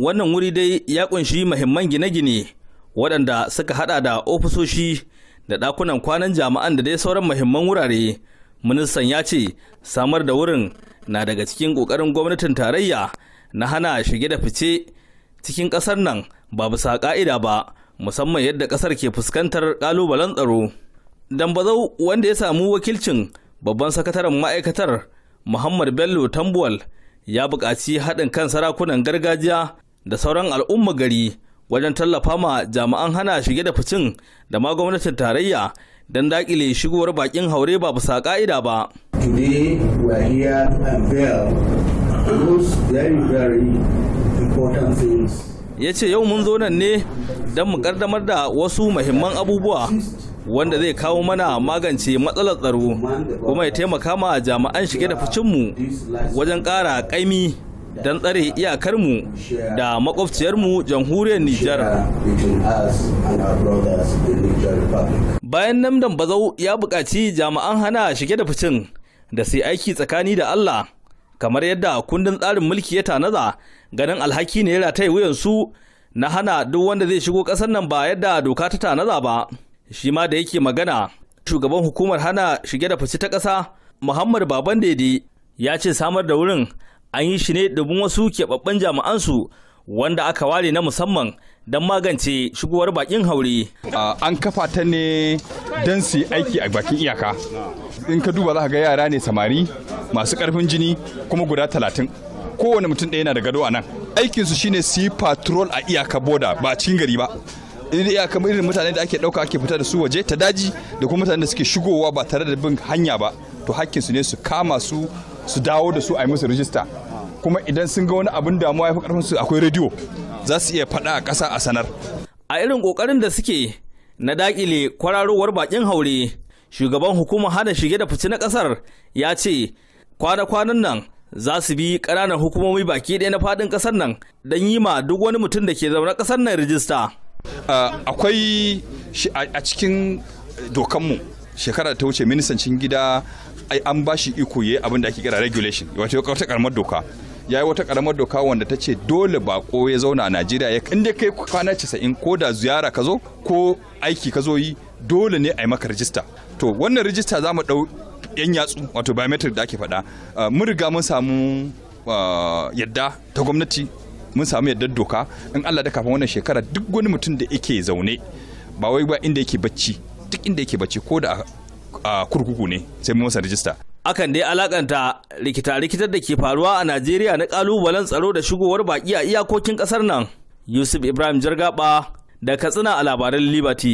wannan wuri dai ya kunshi mahimman gine-gine waɗanda suka hada da ofisoshi da ɗakunan kwanan jami'an da dai sauran mahimman wurare ministan ya ce samar da wurin na daga cikin ƙoƙarin gwamnatin tarayya na hana shige da fice cikin ƙasar nan ba bisa ƙa'ida ba musamman yadda ƙasar ke fuskantar ƙalubalen tsaro dambazau wanda ya samu wakilcin babban sakataren ma'aikatar muhammad bello tambuwal ya buƙaci haɗin kan sarakunan gargajiya da sauran al'umma gari wajen tallafa ma jami'an hana shige da ficin da ma gwamnatin tarayya don dakile shigowar bakin haure ba bisa ka'ida ba. Today we are here Those ya ce yau mun zo nan ne don mu kaddamar da wasu muhimman abubuwa wanda zai kawo mana magance matsalar tsaro kuma ya taimaka ma jami'an shige da ficinmu wajen ƙara ƙaimi don tsare iyakarmu da makwabciyarmu jamhuriyar Nijar. Bayan namdan bazau ya buƙaci jami'an hana shige da ficin da sai aiki tsakani da Allah kamar yadda kundin tsarin mulki ya tanaza ganin alhaki ne ya rataye wuyansu na hana duk wanda zai shigo ƙasar nan ba yadda doka ta tanaza ba. Shi ma da yake magana shugaban hukumar hana shige da fice ta ƙasa Muhammad Baban Dede ya ce samar da wurin an yi shi ne domin wasu keɓaɓɓen jami'ansu wanda aka ware na musamman don magance shigowar bakin haure. An kafa ta ne don su aiki a bakin iyaka. In ka duba za ka ga yara ne samari masu karfin jini kuma guda talatin. Kowane mutum ɗaya na da gado a nan. Aikinsu shine su yi patrol a iyaka boda ba cikin gari ba. ya iyaka irin mutane da ake ɗauka ake fita da su waje ta daji da kuma mutane da suke shigowa ba tare da bin hanya ba to hakkin su ne su kama su su dawo da su a yi musu rijista kuma idan sun ga wani abin damuwa ya fi karfin su akwai rediyo za su iya faɗa a ƙasa a sanar a irin ƙoƙarin da suke na daƙile kwararowar bakin haure shugaban hukumar hana shige da fice na ƙasar ya ce kwana-kwanan nan za su bi ƙananan hukumomi baki ɗaya na faɗin ƙasar nan don yi ma duk wani mutum da ke zaune ƙasar nan rijista akwai a cikin dokanmu shekara ta wuce ministan gida an ba shi iko yayi abin da ake kira regulation wato wata karamar doka ya yi wata karamar doka wanda ta ce dole bako ya zauna a najeriya ya da kai kwana casa'in ko da ziyara ka zo ko aiki ka zo yi dole ne a yi maka rijista to wannan rijista za mu ɗau yan yatsu wato biometric da ake faɗa ah, mun riga mun samu ah, yadda ta gwamnati mun samu yadda doka in allah da kafin wannan shekara duk wani mutum da yake zaune ba wai ba inda yake bacci duk inda yake bacci ko da a kurkuku ne sai mun masa rijista akan dai alakanta rikita-rikitar da ke faruwa a Najeriya na kalubalen tsaro da shigowar baki a iyakokin kasar nan Yusuf Ibrahim Jargaba da Katsina a labaran Liberty